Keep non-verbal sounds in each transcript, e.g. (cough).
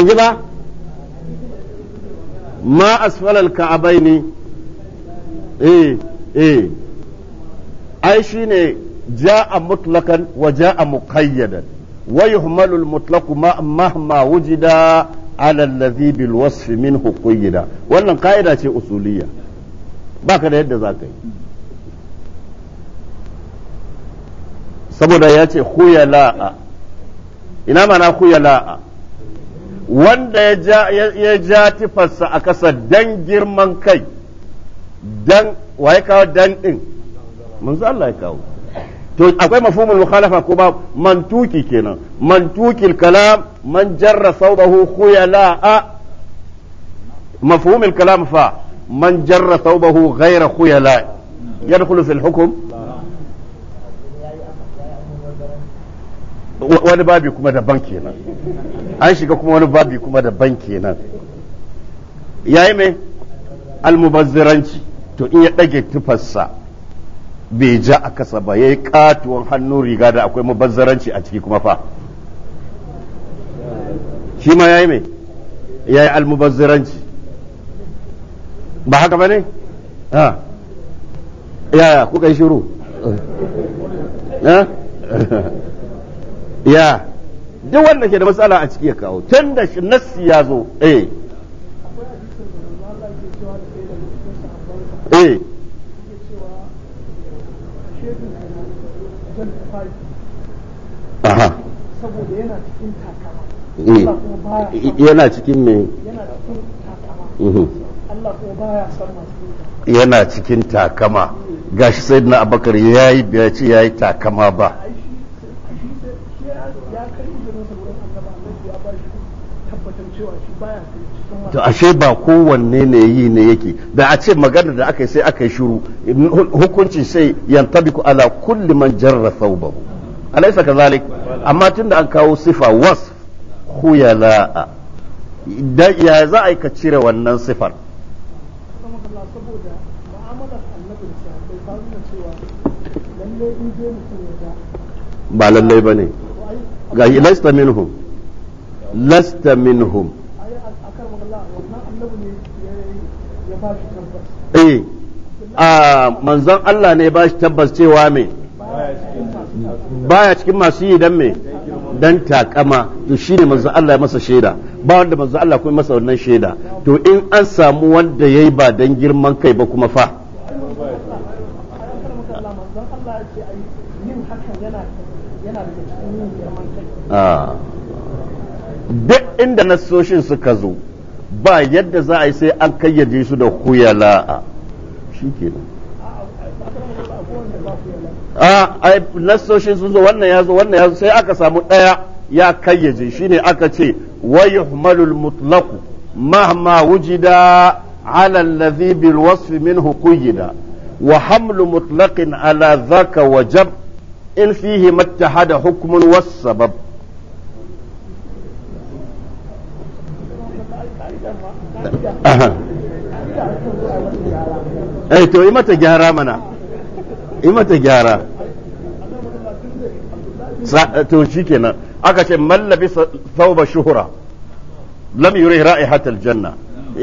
an ji ba ma asfalal ka'abai ne eh eh ai shine ja'a mutlakan wa ja'a muqayyadan wa yuhmalul mutlaku mutlaqu mahma wujida ala alladhi bil wasf minhu qayyida wannan ka'ida ce usuliyya baka da yadda zaka yi saboda ya ce khuyala'a ina mana khuyala'a wanda ya ja tifarsa a ƙasa don girman kai don wa ya kawo don ɗin manzo Allah ya kawo to akwai mafhumul mukhalafa ko ba mantuki kenan mantukil kalam man jarra thawbahu a mafhumul kalam fa man jarra thawbahu ghayra khuyala yadkhulu fil hukm wani babi kuma daban kenan an shiga kuma wani babi kuma daban kenan yayi mai almubazziranci to in ya ɗage tufarsa bai ja a kasa ba ya yi katuwan hannun riga da akwai mubazzaranci a ciki kuma fa shi ma ya yi mai ya yi almubazziranci ba haka ba ne? yaya kuka yi shiru? (laughs) (laughs) ya duk wanda ke da matsala a ciki ya kawo tun da nassi ya zo eh eh aha saboda yana cikin takama eh. yana cikin me yana cikin takama mhm. Allah kuma baya son yana cikin takama gashi sayyidina abakar yayi bai ce yayi takama ba to ashe ba kowanne ne yi ne yake da a ce magana da aka yi sai aka yi shuru hukuncin sai yantabiku ala kulli man jarra thawbahu alaysa kazalik amma tunda an kawo sifa was khuyala da ya za a ka cire wannan sifar ba lallai ba ne ga ilaista minhum لست منهم eh a Allah ne ba shi tabbas cewa me baya cikin masu yi dan me dan takama to shine manzan Allah ya masa shaida ba wanda manzan Allah kuma masa wannan shaida to in an samu wanda yayi ba dan girman kai ba kuma fa Ah. duk inda nassoshin suka zo ba yadda za a yi sai an kayyade su da huyala'a shi kenan a ai sun zo wannan ya zo wannan ya zo sai aka samu ɗaya ya kayyaje shine aka ce wa yuhmalul mutlaqu mahma wujida ala alladhi bil wasfi minhu quyida wa hamlu mutlaqin ala zaka wajab in fihi mattahada hukmun wasu sabab eh to yi mata gyara mana yi mata gyara eh, to shi kenan aka ce mallabi sauba shuhura lam yuri ra'ihatal janna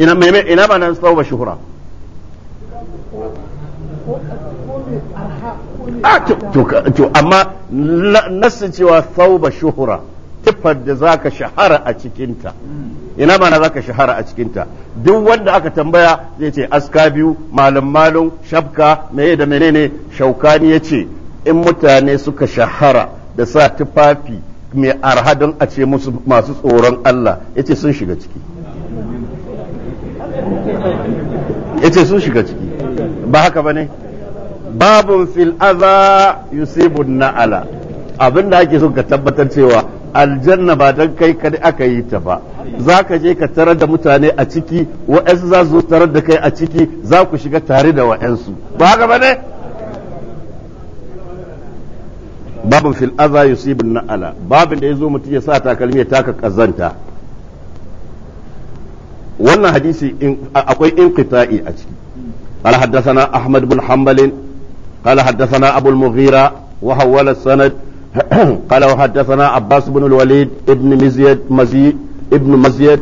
ina meme ina ba nan sauba shuhura ah, to amma nasu cewa sauba shuhura siffar da za ka shahara a cikinta ina mana za ka shahara a cikinta duk wanda aka tambaya zai ce aska biyu malam malum shafka meye da menene shaukani ya ce in mutane suka shahara da sa tufafi mai arha don a ce musu masu tsoron Allah ya ce sun shiga ciki ya ce sun shiga ciki ba haka ba ne babun fil'aza yusibun na'ala abin da ake so ka tabbatar cewa aljanna ba don kai kadai aka yi ta ba za ka je ka tarar da mutane a ciki wa'yansu za su tarar da kai a ciki za ku shiga tare da wa'yansu ba haka ba ne babin fil aza yusibun na'ala babin da ya zo mutum ya sa takalmi ya taka kazanta wannan hadisi akwai inqita'i a ciki قال حدثنا أحمد بن حنبل قال حدثنا أبو المغيرة وحول السند (coughs) قال وحدثنا عباس بن الوليد ابن مزيد مزيد ابن مزيد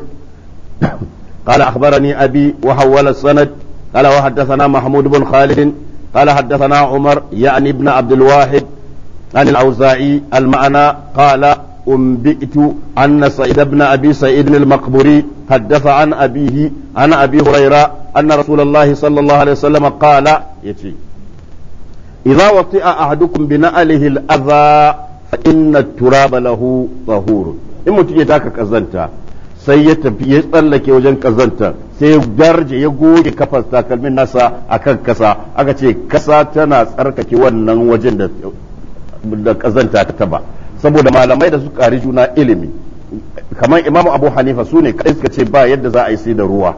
(coughs) قال أخبرني أبي وحول السند قال وحدثنا محمود بن خالد قال حدثنا عمر يعني ابن عبد الواحد عن الأوزاعي المعنى قال أنبئت أن سعيد بن أبي سعيد المقبري حدث عن أبيه عن أبي هريرة أن رسول الله صلى الله عليه وسلم قال يتي idza wati'a ahadukum bi na'alihi al-adha fa inna turaba lahu tahurun in mutum ya taka kazanta sai ya tafi ya tsallake wajen kazanta sai ya darje ya goge kafar takalmin nasa akan kasa aka ce kasa tana tsarkake wannan wajen da kazanta ta taba saboda malamai da suka kari juna ilimi kamar imamu abu hanifa su ne kai suka ce ba yadda za a yi sai da ruwa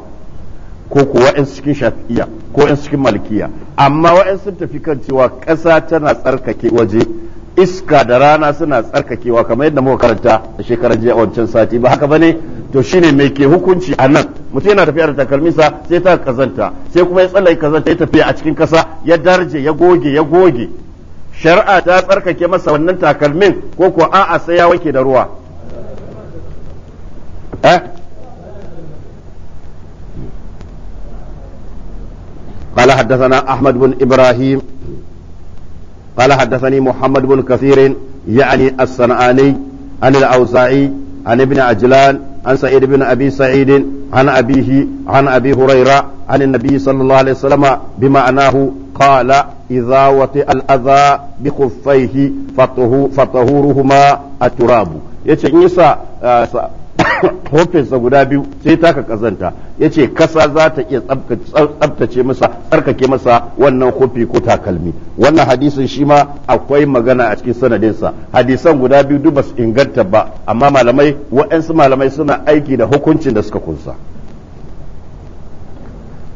ko kuwa in cikin shafi'iya ko yan cikin malikiya amma wa'in sun tafi kan cewa ƙasa tana tsarkake waje iska da rana suna tsarkakewa kamar yadda muka karanta a shekarar jiya wancan sati ba haka ba ne to ne mai ke hukunci a nan mutum yana tafiya da takalminsa sai ta kazanta sai kuma ya tsallake kazanta ya tafiya a cikin kasa ya darje ya goge ya goge shari'a ta tsarkake masa wannan takalmin ko ko a'a sai ya wanke da ruwa eh? قال حدثنا أحمد بن إبراهيم قال حدثني محمد بن كثير يعني الصنعاني عن الأوزاعي عن ابن عجلان عن سعيد بن أبي سعيد عن أبيه عن أبي هريرة عن النبي صلى الله عليه وسلم بمعناه قال إذا وطئ الأذى بخفيه فطهورهما التراب yace in yasa hofinsa guda biyu sai ta ka kazanta ya ce kasa za ta iya tsabtace masa tsarkake masa wannan hofi ko takalmi wannan hadisin shi ma akwai magana a cikin sanadinsa hadisan guda biyu duk basu inganta ba amma malamai waɗansu malamai suna aiki da hukuncin da suka kunsa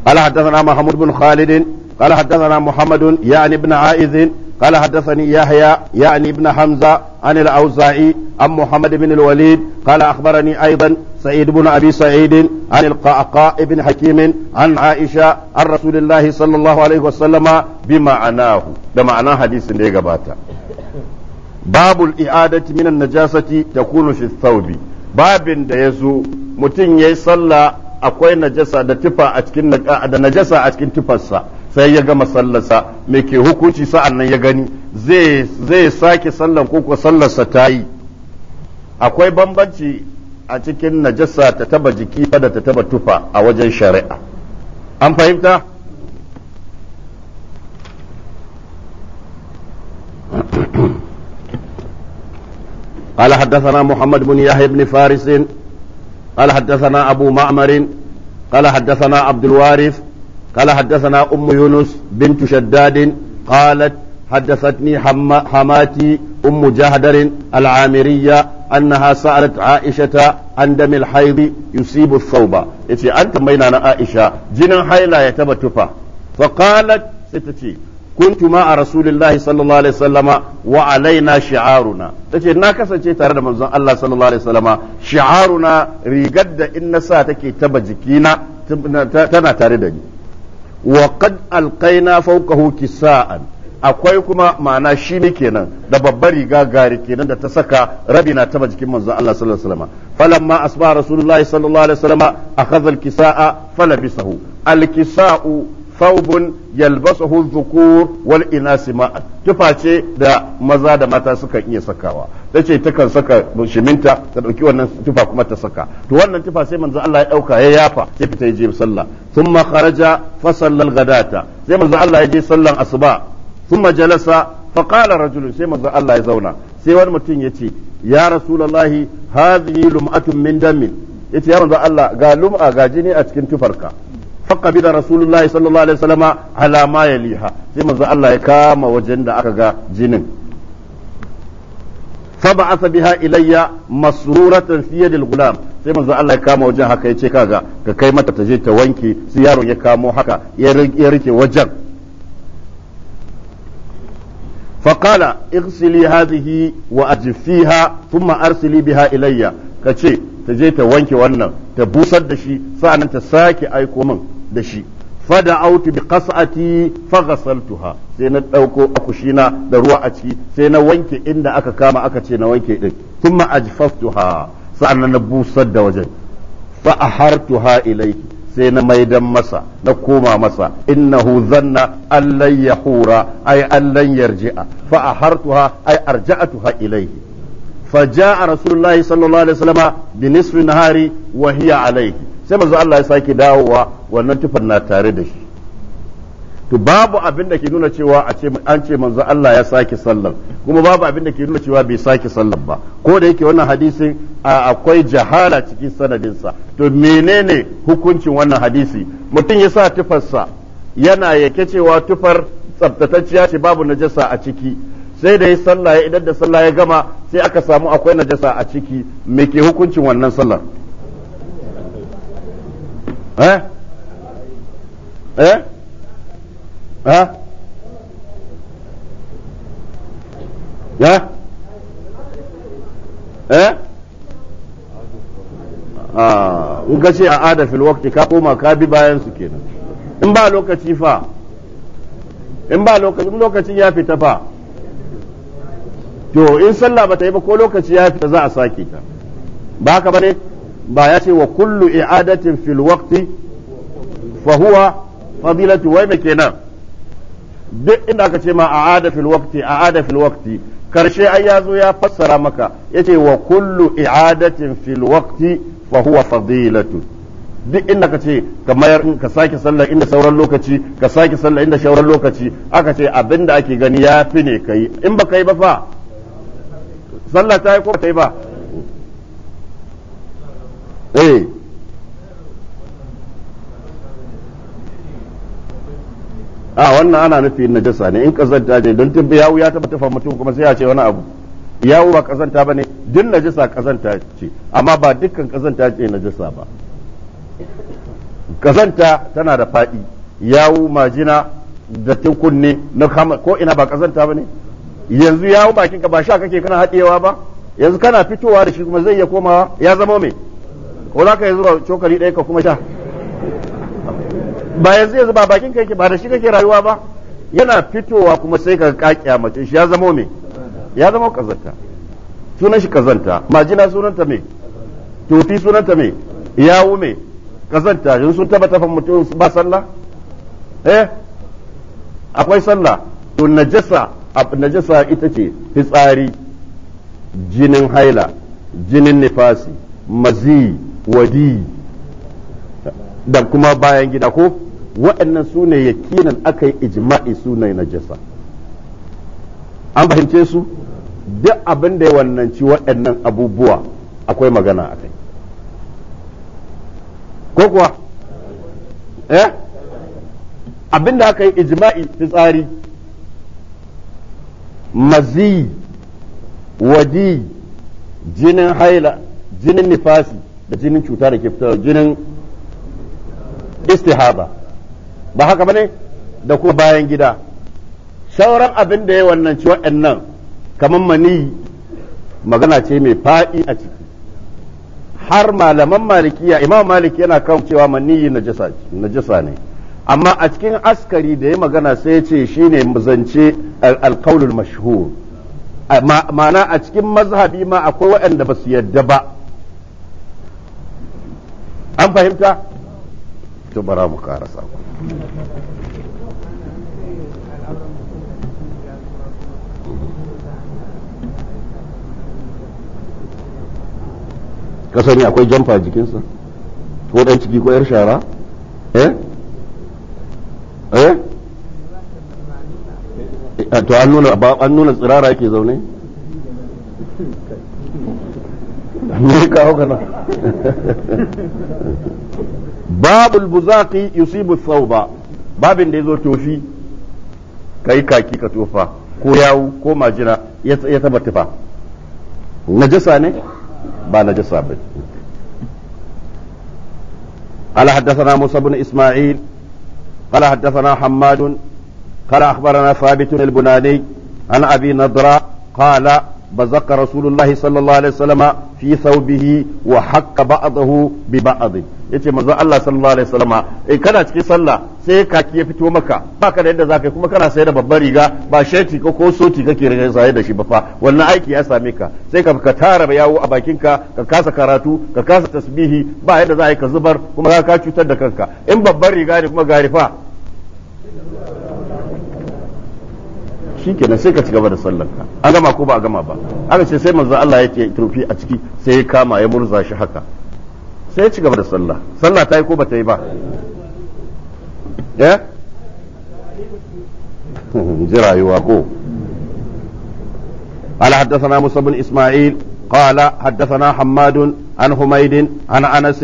قال حدثنا محمد بن خالد قال حدثنا محمد يعني ابن عائذ قال حدثني يحيى يعني ابن حمزة عن الأوزاعي عن محمد بن الوليد قال أخبرني أيضا سعيد بن أبي سعيد عن القعقاء بن حكيم عن عائشة عن رسول الله صلى الله عليه وسلم بمعناه بمعنى حديث ليقباتا باب الإعادة من النجاسة تكون في الثوب باب ديزو متين يصلى أكوين نجسة da tufa a cikin da najasa a cikin tufarsa sai ya gama sallarsa me ke hukunci sa'an nan ya gani zai sake sallan ko ko sallarsa ta yi akwai bambanci a cikin najasa ta taba jiki da ta taba tufa a wajen shari'a an fahimta (clears throat) قال حدثنا محمد بن يحيى بن فارس قال حدثنا أبو معمر قال حدثنا عبد الوارث قال حدثنا أم يونس بنت شداد قالت حدثتني حما حماتي أم جهدر العامرية أنها سألت عائشة عن دم الحيض يصيب الثوب يتي أنت بيننا عائشة جنا حيلا يتبتفا فقالت ستتي كنت مع رسول الله صلى الله عليه وسلم وعلينا شعارنا تجي نا kasance tare da manzon Allah sallallahu alaihi wasallama shi'aruna rigar da in na sa take taba jikina tana tare da ni wa qad faukahu fawqahu kisaan akwai kuma ma'ana shi ne kenan da babbar riga gari kenan da ta saka rabi na taba jikin manzon Allah sallallahu alaihi wasallam ma asbaha rasulullahi sallallahu alaihi wasallam akhadha alkisaa falabisahu alkisau thawbun yalbasuhu dhukur wal inasi tufa ce da maza da mata sukan iya sakawa tace takan saka shiminta ta dauki wannan tufa kuma ta saka to wannan tufa sai manzo Allah ya dauka ya yafa sai fita ya je sallah thumma kharaja fa sallal gadata sai manzo Allah ya je sallan asuba sun jalasa fa qala rajulun sai manzo Allah ya zauna sai wani mutum ya ce ya rasulullahi hadhihi lum'atun min damin yace ya manzo Allah ga lum'a ga jini a cikin tufarka faqabida rasulullahi sallallahu alaihi wasallama ala ma yaliha sai manzo Allah ya kama wajen da aka ga jinin فبعث بها إلي مسرورة في الغلام sai manzo Allah ya kama wajen haka ya ce kaga ka kai mata ta je ta wanke su yaron ya kamo haka ya rike wajen faqala ighsili hadhihi wa ajfiha thumma arsili biha ilayya kace ta je ta wanke wannan ta busar da shi sa'annan ta sake aiko min da shi fada autu bi qas'ati fa ghasaltuha sai na dauko akushina da ruwa a ciki sai na wanke inda aka kama aka ce na wanke din thumma ajfaftuha sa'an na busar da wajen fa ahartuha ilayki sai na maidan masa na koma masa innahu zanna allan yahura ay allan yarji'a fa ahartuha ay arja'atuha ilayhi فجاء رسول الله صلى الله عليه وسلم بنصف النهار وهي عليه sai manzo Allah ya sake dawowa wannan tufar na tare da shi to babu abin da ke nuna cewa a ce an ce manzo Allah ya sake sallar. kuma babu abin da ke nuna cewa bai sake sallar ba ko da yake wannan hadisi, akwai jahala cikin sanadinsa to menene hukuncin wannan hadisi mutum ya sa tufarsa yana yake cewa tufar tsaftatacciya ce babu najasa a ciki sai da ya sallah ya idan da sallah ya gama sai aka samu akwai najasa a ciki me ke hukuncin wannan sallar eh eh eh ya eh ah, in ka ce a adafil wakti ka koma ka bi bayan su kenan in ba lokaci fa in ba lokacin lokacin ya fita fa to in sallah ba ta yi ba ko lokaci ya fita za a sake ta ba haka ba ne ba ya ce wa kullu i'adatin fil waqti fa huwa fadilatu wai me kenan duk inda aka ce ma a'ada fil waqti a'ada fil waqti karshe ai ya zo ya fassara maka yace wa kullu i'adatin fil waqti fa huwa fadilatu duk inda ka ce ka mayar ka sake sallar inda sauran lokaci ka sake sallar inda sauran lokaci aka ce abinda ake gani ya fi ne kai in ba ka yi ba fa sallah ta yi ko ta yi ba eh a ah, wannan ana nufi najasa ne in kazanta ne don tun yawu ya taba tafa mutum kuma sai ya ce wani abu yawu ba kazanta ba ne duk najasa kazanta ce amma ba dukkan kazanta ce najasa ba kazanta tana da faɗi yawu majina da kunne na kama ko ina ba kazanta ba ne yanzu yawu bakinka ba sha kake kana haɗewa ba yanzu kana fitowa da shi kuma zai iya komawa ya zama mai ko za ka yi zuba cokali ɗaya ka kuma sha ba yanzu yanzu ba bakin kai ba da shi kake rayuwa ba yana fitowa kuma sai ka a mace shi ya zama me ya zama kazanta sunan shi kazanta majina sunanta me tofi sunanta me yawu me kazanta yanzu sun taba tafan mutum ba sallah eh akwai sallah to najasa najasa ita ce fitsari jinin haila jinin nifasi maziyi wadi da kuma bayan gida ko waɗannan su ne yakinan aka yi ijma'i su ne najasa an fahimce su duk abin da ya wannanci waɗannan abubuwa akwai magana a kai ko kuwa eh abin da aka yi ijma'i fitsari mazi wadi jinin haila jinin nifasi da jinin cuta da ke fitowa jinin istihaba ba haka bane da kuma bayan gida sauran abin da ya wannan ci nan kamar mani magana ce mai faɗi a ciki har malaman malikiya imam maliki yana kan cewa maniyi najasa ne amma a cikin askari da ya magana sai ce shine zance alkaulul mashhur ma'ana a cikin mazhabi ma akwai waɗanda ba su yadda ba an fahimta to bara mu karasa ku ka ne akwai jamfa jikinsa ko dan ciki ko yar shara eh? eh eh to an nuna an nuna tsirara yake zaune me kawo kana babul buzaqi yusibu babin da yazo tofi kai kaki ka tofa ko yawu ko majina ya taba tufa najasa ne ba قال حدثنا موسى بن اسماعيل قال حدثنا حماد قال اخبرنا ثابت البناني عن ابي نضره قال بزق رسول الله صلى الله عليه وسلم في ثوبه وحق بعضه ببعض yace manzon Allah sallallahu alaihi wasallama eh kana cikin sallah sai kaki ya fito maka ba ka da yadda zaka kuma kana sai da babbar riga ba sheti ko ko soti kake riga sai da shi ba fa wannan aiki ya same ka sai ka ka tara yawo a bakin ka ka kasa karatu ka kasa tasbihi ba yadda za ka zubar kuma za ka cutar da kanka in babbar riga ne kuma garifa shikenan sai ka ci gaba da sallanka a gama ko ba a gama ba aka ce sai manzo Allah ya ce turfi a ciki sai ya kama ya murza shi haka sai ya ci gaba da sallah sallah ta yi ko ba ta yi ba eh (laughs) ji rayuwa ko قال حدثنا موسى بن اسماعيل قال حدثنا حماد عن حميد عن انس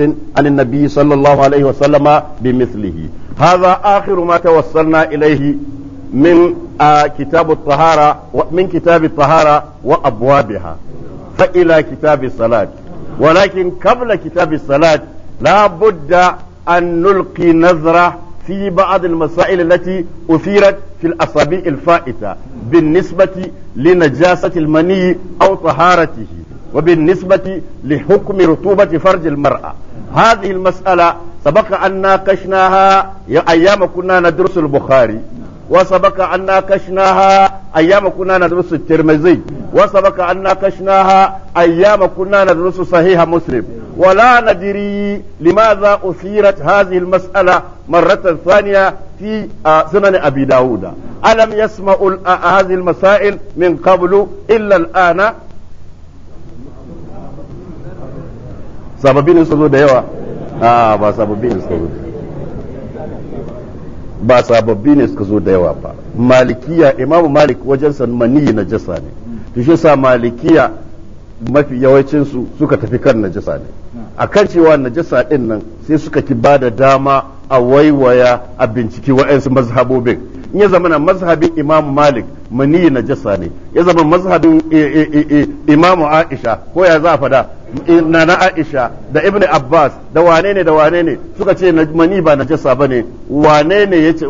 من آه، كتاب الطهارة من كتاب الطهارة وأبوابها فإلى كتاب الصلاة ولكن قبل كتاب الصلاة لا بد أن نلقي نظرة في بعض المسائل التي أثيرت في الأسابيع الفائتة بالنسبة لنجاسة المني أو طهارته وبالنسبة لحكم رطوبة فرج المرأة هذه المسألة سبق أن ناقشناها أيام كنا ندرس البخاري وسبق أن كشناها أيام كنا ندرس الترمذي وسبق أن كشناها أيام كنا ندرس صحيح مسلم ولا ندري لماذا أثيرت هذه المسألة مرة ثانية في آه، سنن أبي داود ألم يسمعوا آه، هذه المسائل من قبل إلا الآن sababbin سبب zo da yawa سبب ba sababbin su zo ba sababbi ne suka zo da yawa ba malikiya imamu malik wajen san maniyi na jasa ne to shi sa malikiya mafi yawancin su suka tafi kan najasa ne a kan cewa najasa din nan sai suka ki ba da dama a waiwaya a binciki wa'ansu mazhabobin in ya zama na mazhabin imam malik mani najasa ne ya zama mazhabin eh, eh, eh, imam aisha ko ya za fada na na aisha da ibn abbas da wane ne da wane ne suka ce mani ba na ba bane wane ne ce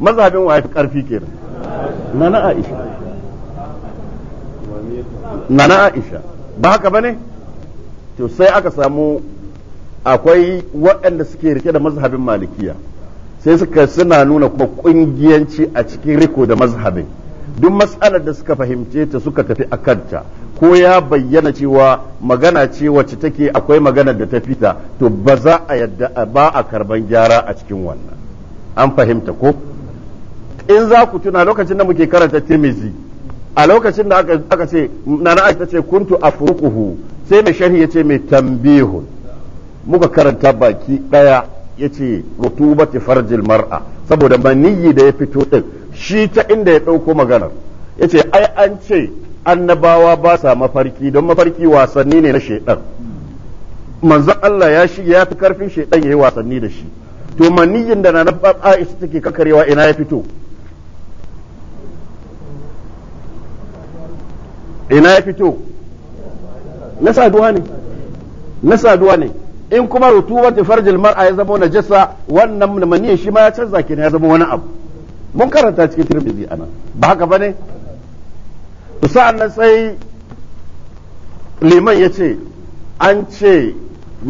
mazhabin wa karfi kenan na aisha na aisha ba haka bane to sai aka samu akwai waɗanda suke rike da mazhabin malikiya sai suka suna nuna kuma kungiyanci a cikin riko da mazhabin duk matsalar da suka fahimce ta suka tafi a kanta ko ya bayyana cewa magana ce wacce take akwai magana da ta fita to ba za a yadda ba a karban gyara a cikin wannan an fahimta ko in za ku tuna lokacin da muke karanta timizi a lokacin da aka ce nana aisha ce kuntu afruquhu sai mai sharhi ya ce mai tambihun muka karanta baki ɗaya. yace rutubati farjil mar'a saboda maniyyi da ya fito din shi ta inda ya dauko maganar yace ai an ce annabawa ba sa mafarki don mafarki wasanni ne na shedan manzon Allah ya shi ya fi karfin shedan yayi wasanni da shi to maniyyin da na Aisha take kakarewa ina ya fito ina ya fito na saduwa ne na saduwa ne in kuma rutubat farjil mar'a ya zama najasa wannan maniyan shi ma ya canza kenan ya zama wani abu mun karanta cikin tirmidhi ana ba haka bane to sa'an nan sai liman ya ce an ce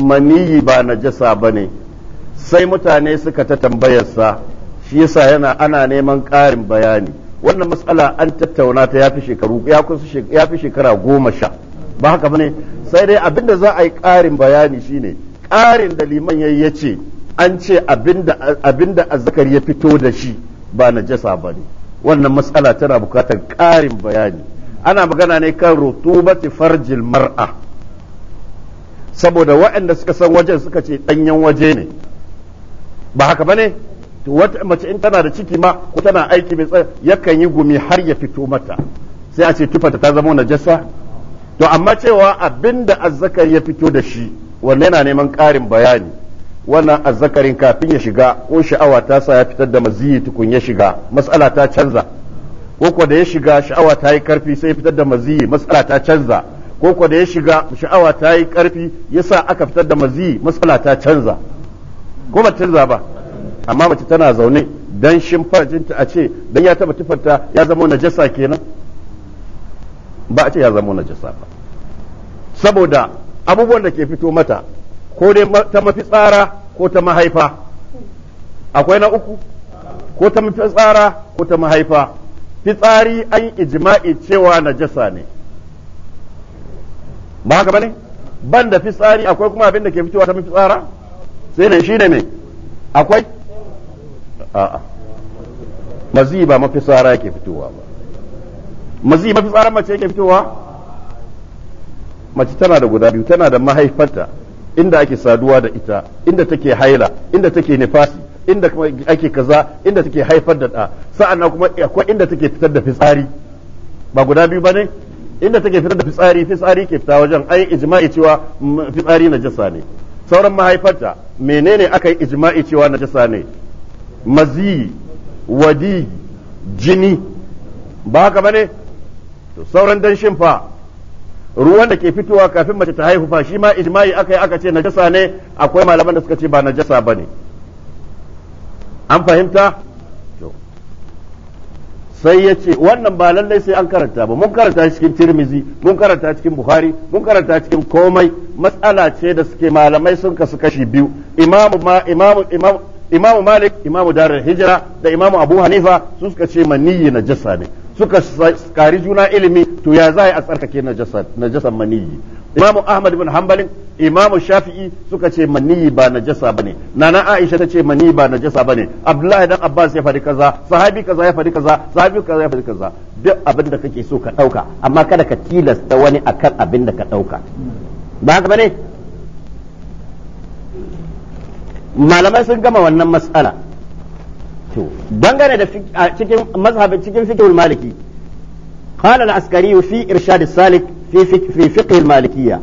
maniyi ba najasa bane sai mutane suka ta tambayarsa shi yasa yana ana neman ƙarin bayani wannan matsala an tattauna ta yafi shekaru ya fi shekara goma sha ba haka bane sai dai abinda za a yi ƙarin bayani shine ƙarin da liman yayi ya ce an ce abinda azzakar ya fito da shi ba najasa ba ne wannan matsala tana bukatar ƙarin bayani ana magana ne kan rutubati farjil mar'a saboda waɗanda suka san wajen suka ce ɗanyen waje ne ba haka ba ne wata mace in tana da ciki ma ko tana aiki mai tsaye yakan yi gumi har ya fito mata sai a ce tufata ta zama najasa to amma cewa abinda azzakar ya fito da shi wannan yana neman ƙarin bayani wannan azzakarin kafin ya shiga ko sha'awa ta sa ya fitar da maziyi tukun ya shiga matsala ta canza ko ko da ya shiga sha'awa ta yi karfi sai ya fitar da maziyi matsala ta canza ko ko da ya shiga sha'awa ta yi karfi ya sa aka fitar da maziyi matsala ta canza ko ba canza ba amma mace tana zaune dan shimfarjinta a ce dan ya taba tufarta ya zama najasa kenan ba a ce ya zama najasa ba saboda abubuwan da ke fito mata ko dai ta mafi tsara ko ta mahaifa akwai na uku ko ta mafi tsara ko ta mahaifa fitsari an ijma'i cewa najasa ne ba haka bane ban da fitsari akwai kuma abin da ke fitowa ta mafi tsara? sai ne shi ne me akwai a'a mazi ba mafi tsara ke fitowa ba mazi mafi tsara mace ke fitowa mace tana da guda biyu tana da mahaifarta inda ake saduwa da ita inda take haila inda take nifasi inda kuma ake kaza inda take haifar da ɗa sa'annan kuma akwai inda take fitar da fitsari ba guda biyu ba ne inda take fitar da fitsari fitsari ke fita wajen ai ijma'i cewa fitsari na najasa ne sauran mahaifarta menene aka yi ijma'i cewa na najasa ne mazi wadi jini ba haka bane to sauran danshin fa ruwan da ke fitowa kafin mace ta haihu fa shi ma ijma'i aka yi aka ce najasa ne akwai malaman da suka ce ba najasa ba ne an fahimta sai ya ce wannan ba lallai sai an karanta ba mun karanta cikin tirmizi mun karanta cikin buhari mun karanta cikin komai matsala ce da suke malamai sun kasu kashi biyu imamu ma imamu imamu imamu malik imamu darul hijira da imamu abu hanifa sun suka ce maniyyi najasa ne suka kari juna ilimi to ya za a tsarkake jasa maniyi imamu ahmad bin hanbalin imamu shafi'i suka ce maniyi ba najasa ne. nana aisha ta ce maniyi ba najasa ne. abdullahi dan abbas ya faɗi kaza sahabi kaza ya faɗi kaza sahabi kaza ya faɗi kaza duk abin da kake so ka ɗauka amma kada ka tilasta wani akan abin da ka ɗauka ba haka bane malamai sun gama wannan mas'ala to dangane da cikin mazhabi cikin fiqhul maliki qala al-askari fi irshad salik fi fi fiqh al-malikiyya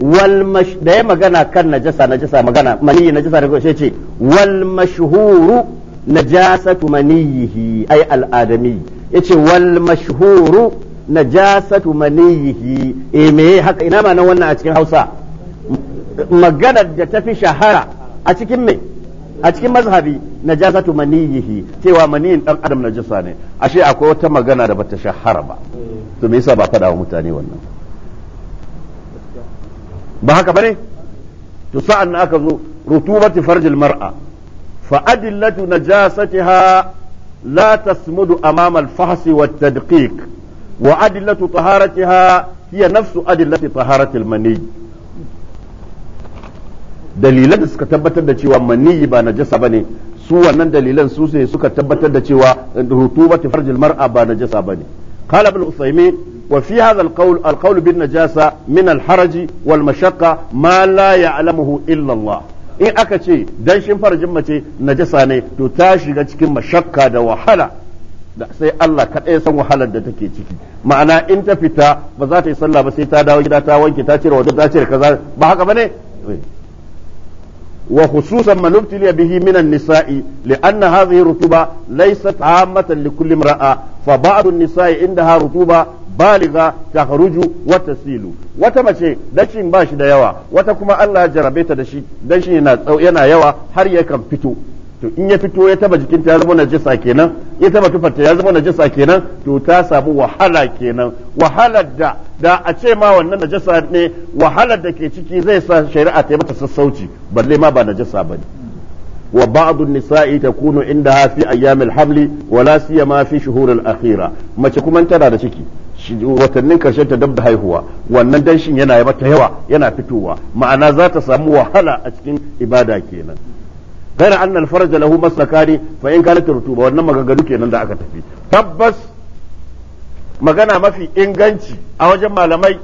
wal da ya magana kan najasa najasa magana maniyyi najasa da sai ce wal mashhur najasatu maniyyihi ay al-adami yace wal mashhur najasatu maniyyihi eh me haka ina ma nan wannan a cikin Hausa maganar da ta fi shahara a cikin me a cikin mazhabi najasatu maniyihi cewa maniyin dan adam najasa ne ashe akwai wata magana da bata shahara ba to me yasa ba faɗa wa mutane wannan ba haka bane to sa'an na aka zo rutubati farjil mar'a fa adillatu najasatiha la tasmudu amama al-fahsi wat-tadqiq wa adillatu taharatiha hiya nafsu adillati taharati al dalilan da suka tabbatar da cewa maniyi ba najasa bane su wannan dalilan su ne suka tabbatar da cewa eh, rutubatu farjil mar'a ba najasa bane qala ibn usaymin wa fi hadha alqawl alqawl bin najasa min alharaj wal mashaqqa ma la ya'lamuhu illa in aka ce danshin farjin mace najasa ne to ta shiga cikin mashakka da wahala da sai Allah kaɗai san wahalar da take ciki ma'ana in ta fita ba za ta yi sallah ba sai ta dawo gida ta wanke ta cire wajen ta cire kaza ba haka bane eh. وخصوصا من ابتلي به من النساء لأن هذه الرطوبة ليست عامة لكل امرأة فبعض النساء عندها رطوبة baliga ta haruju wata silu wata mace dashin ba shi da yawa wata kuma Allah ya jarabeta da shi dashin yana yawa har yakan fito to in ya fito ya taba jikinta ya zama najasa kenan ya taba tufarta ya zama najasa kenan to ta samu wahala kenan wahalar da da a ce ma wannan najasa ne wahalar da ke ciki zai sa shari'a ta yi mata sassauci balle ma ba ba ne. wa ba'd nisai takunu indaha fi ayyamil hamli wa la siyama fi shuhur Akira mace kuma tana da ciki watannin karshen ta dab da haihuwa wannan danshin yana mata yawa yana fitowa ma'ana za ta samu wahala a cikin ibada kenan غير أن الفرج له مسكان فإن كانت رطوبة وإنما غغنو kenan da aka tafi tabbas magana mafi inganci a wajen malamai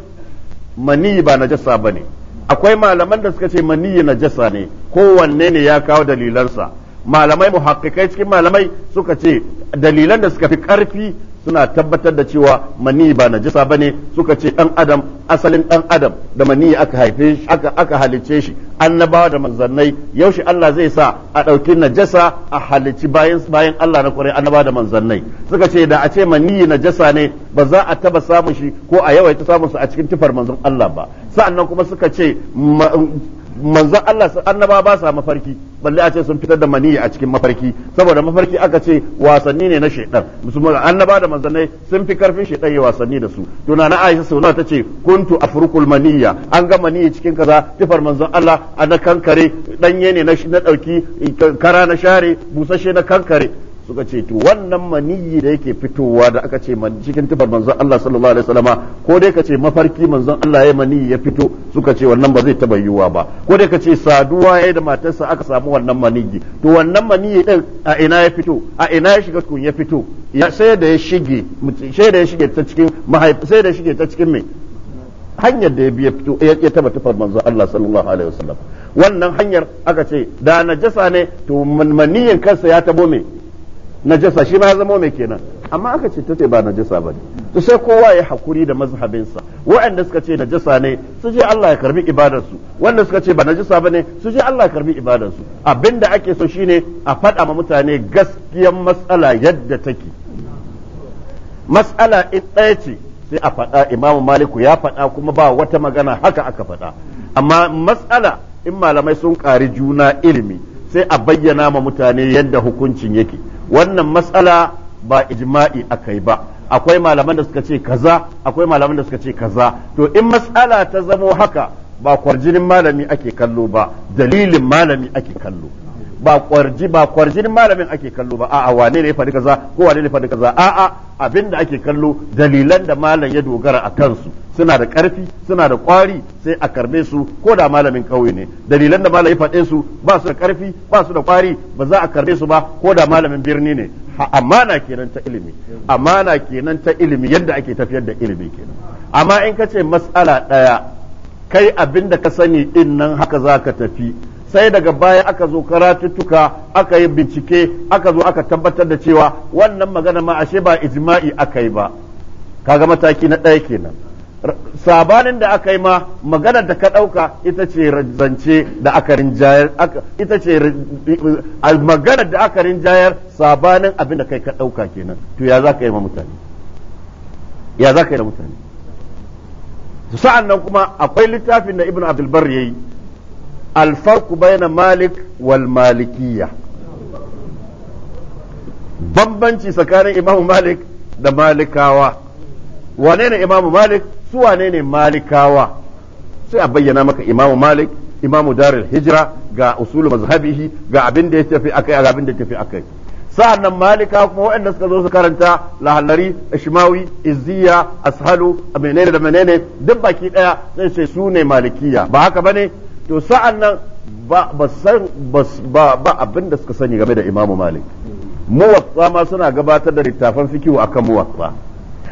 maniyi ba najasa ba ne akwai malaman da suka ce maniyi najasa ne kowanne ne ya kawo dalilansa malamai muhakkikai cikin malamai suka ce dalilan da suka fi ƙarfi suna tabbatar da cewa mani ba na ba ne suka ce dan adam asalin ɗan adam da mani aka haife shi aka aka halice shi annabawa da manzannai yaushe Allah zai sa a ɗauki jasa a halici bayan Allah na kwarai annabawa da manzannai suka ce da a ce mani jasa ne ba za a taba samun shi ko a yawaita samun su a cikin tufar manzon Allah ba sa'annan kuma suka ce manzan Allah annaba ba sa mafarki balle a ce sun fitar da mani a cikin mafarki saboda mafarki aka ce wasanni wasanni ne na shaidan musamman annaba da manzanai sun fi karfin shaidan ya wasanni da su to nana Aisha sau ta ce kuntu afrukul maniyya an ga maniyya cikin kaza tifar manzon Allah a na kankare danye ne na dauki kara na share busasshe na kankare suka ce to wannan maniyi da yake fitowa da aka ce cikin tufar manzon Allah sallallahu alaihi wasallama ko dai ka ce mafarki manzon Allah ya maniyi ya fito suka ce wannan ba zai taba yiwuwa ba ko dai ka ce saduwa yayi da matarsa aka samu wannan maniyi to wannan maniyi din a ina ya fito a ina ya shiga kun ya fito sai da ya shige sai da ya shige ta cikin mahaifa sai da ya shige ta cikin me hanyar da ya biya fito ya taba tufar manzon Allah sallallahu alaihi wasallam wannan hanyar aka ce da najasa ne to maniyin kansa ya tabo me najasa shi ma ya zama mai kenan amma aka ce ta ba najasa ba ne to sai kowa ya hakuri da mazhabinsa waɗanda suka ce najasa ne su je Allah ya karbi ibadarsu wanda suka ce ba najasa ba ne su je Allah ya karbi ibadarsu abinda ake so shine a faɗa ma mutane gaskiyar matsala yadda take matsala in ɗaya ce sai a faɗa imamu maliku ya faɗa kuma ba wata magana haka aka faɗa amma matsala in malamai sun ƙari juna ilimi sai a bayyana ma mutane yadda hukuncin yake wannan matsala ba ijma'i akai ba akwai malaman da suka ce kaza akwai malaman da suka ce kaza to in matsala ta zamo haka ba kwarjinin malami ake kallo ba dalilin malami ake kallo ba kwarji ba kwarjinin malamin ake kallo ba a'a wane ne faɗi kaza ko wane ne faɗi kaza a'a abinda ake kallo dalilan da malam ya dogara a kansu suna da ƙarfi suna da ƙwari sai a karbe su ko da malamin ƙauye ne dalilan da malami faɗe su ba su da ƙarfi ba su da ƙwari ba za a karbe su ba ko da malamin birni ne amana kenan ta ilimi amana kenan ta ilimi yadda ake tafiyar da ilimi kenan amma in ka ce matsala ɗaya kai abin da ka sani din nan haka za ka tafi sai daga baya aka zo karatuttuka aka yi bincike aka zo aka tabbatar da cewa wannan magana ma ashe ba ijma'i aka yi ba kaga mataki na ɗaya kenan sabanin da aka yi ma maganar da ka ɗauka ita ce zance da aka rinjayar ita ce maganar da aka rinjayar sabanin abin da kai ka ɗauka kenan to ya za ka yi ma mutane ya za ka yi da mutane sa'an nan kuma akwai littafin da ibn abdulbar ya yi alfarku bayan malik wal malikiya bambanci tsakanin imamu malik da malikawa wane ne imamu malik su wane ne malikawa sai a bayyana maka imamu malik imamu darul hijira ga usul mazhabihi ga abin da ya tafi akai ga abin da ya tafi akai sa'annan Malikawa kuma waɗanda suka zo su karanta lahalari, ishmawi izziya ashalu menene da menene duk baki daya sai sai su ne malikiya ba haka bane to sa'annan ba ba san ba ba abin da suka sani game da imamu malik muwatta ma suna gabatar da littafan fikihu akan muwatta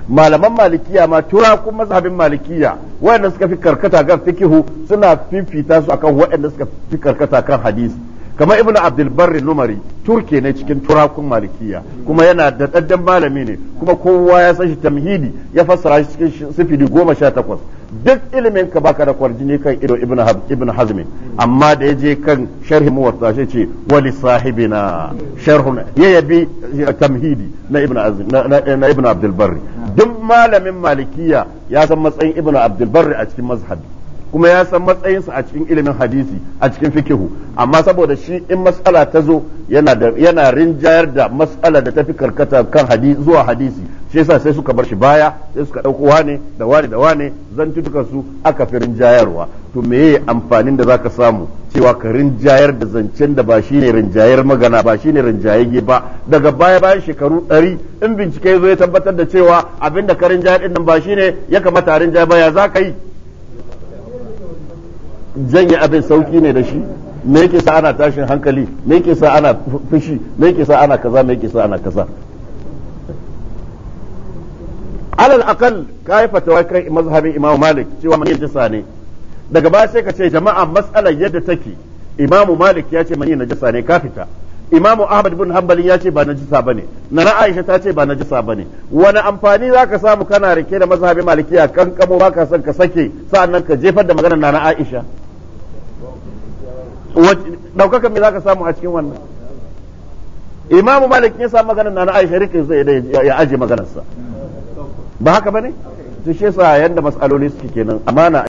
malaman malikiya ma tura kun mazhabin malikiya wayanda suka fi karkata kan fikihu suna fifita su akan wayanda suka fi karkata kan hadisi kamar ibn abdulbarri numari turke ne cikin turakun malikiya kuma yana da daddan malami ne kuma kowa ya san shi tamhidi ya fassara shi cikin sifidi goma sha takwas duk ilimin ka baka da kwarjini kan ido ibn hazmi amma da ya je kan sharhi muwatta shi ce wali sahibina sharhun ya yabi tamhidi na ibn na ibn duk malamin malikiya ya san matsayin ibn abdulbarri a cikin mazhabi kuma ya san matsayinsa a cikin ilimin hadisi a cikin fikihu amma saboda shi in mas'ala ta zo yana rinjayar da matsala da ta fi karkata kan hadisi zuwa hadisi shi yasa sai suka bar shi baya sai suka dauko wane da wane da wane zantutukan su aka fi rinjayarwa to meye amfanin da zaka samu cewa ka rinjayar da zancen da ba shine rinjayar magana ba shine rinjayage ba daga baya bayan shekaru ɗari in bincike zo ya tabbatar da cewa abinda ka rinjayar din nan ba shine ya kamata rinjayar ba ya zaka yi janye abin sauki ne da shi me yake sa ana tashin hankali me yake sa ana fushi me yake sa ana kaza me yake sa ana kaza alal aqal kai fatawa kai mazhabin imam malik cewa mani jissa ne daga baya sai ka ce jama'a mas'alar yadda take imam malik ya ce mani najasa ne ka fita ahmad bin hanbali ya ce ba najisa bane nana aisha ta ce ba najisa bane wani amfani zaka samu kana rike da mazhabin malikiya kan kamo baka son ka sake sa'annan ka jefar da maganar nana aisha daukakan me zaka samu a cikin wannan imamu malik ya sa maganar na aisha rikin zai ya aje maganarsa ba haka bane to shi yasa yanda mas'aloli suke kenan amana